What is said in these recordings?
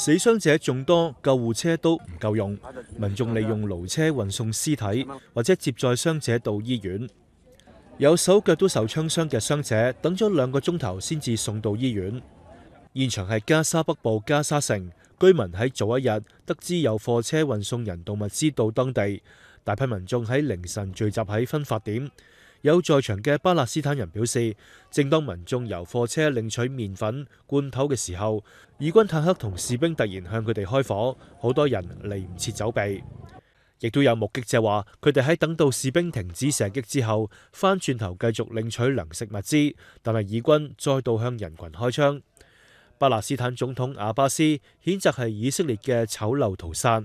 死傷者眾多，救護車都唔夠用，民眾利用勞車運送屍體或者接載傷者到醫院。有手腳都受槍傷嘅傷者，等咗兩個鐘頭先至送到醫院。現場係加沙北部加沙城，居民喺早一日得知有貨車運送人道物資到當地，大批民眾喺凌晨聚集喺分發點。有在場嘅巴勒斯坦人表示，正當民眾由貨車領取麵粉、罐頭嘅時候，以軍坦克同士兵突然向佢哋開火，好多人嚟唔切走避。亦都有目擊者話，佢哋喺等到士兵停止射擊之後，翻轉頭繼續領取糧食物資，但係以軍再度向人群開槍。巴勒斯坦總統阿巴斯譴責係以色列嘅醜陋屠殺。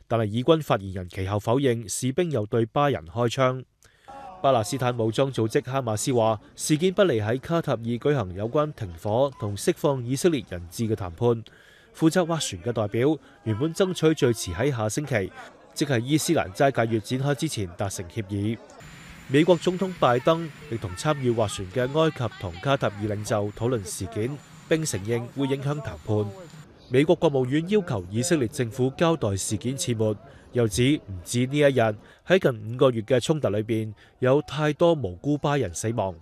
但係以軍發言人其後否認，士兵又對巴人開槍。巴勒斯坦武裝組織哈馬斯話，事件不利喺卡塔爾舉行有關停火同釋放以色列人質嘅談判。負責斡旋嘅代表原本爭取最遲喺下星期，即係伊斯蘭齋戒月展開之前達成協議。美國總統拜登亦同參與斡旋嘅埃及同卡塔爾領袖討論事件，並承認會影響談判。美國國務院要求以色列政府交代事件始末，又指唔止呢一日喺近五個月嘅衝突裏邊，有太多無辜巴人死亡。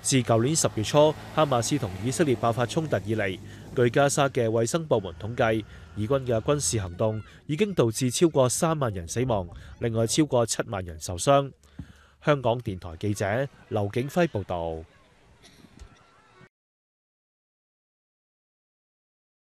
自舊年十月初哈馬斯同以色列爆發衝突以嚟，據加沙嘅衛生部門統計，以軍嘅軍事行動已經導致超過三萬人死亡，另外超過七萬人受傷。香港電台記者劉景輝報道。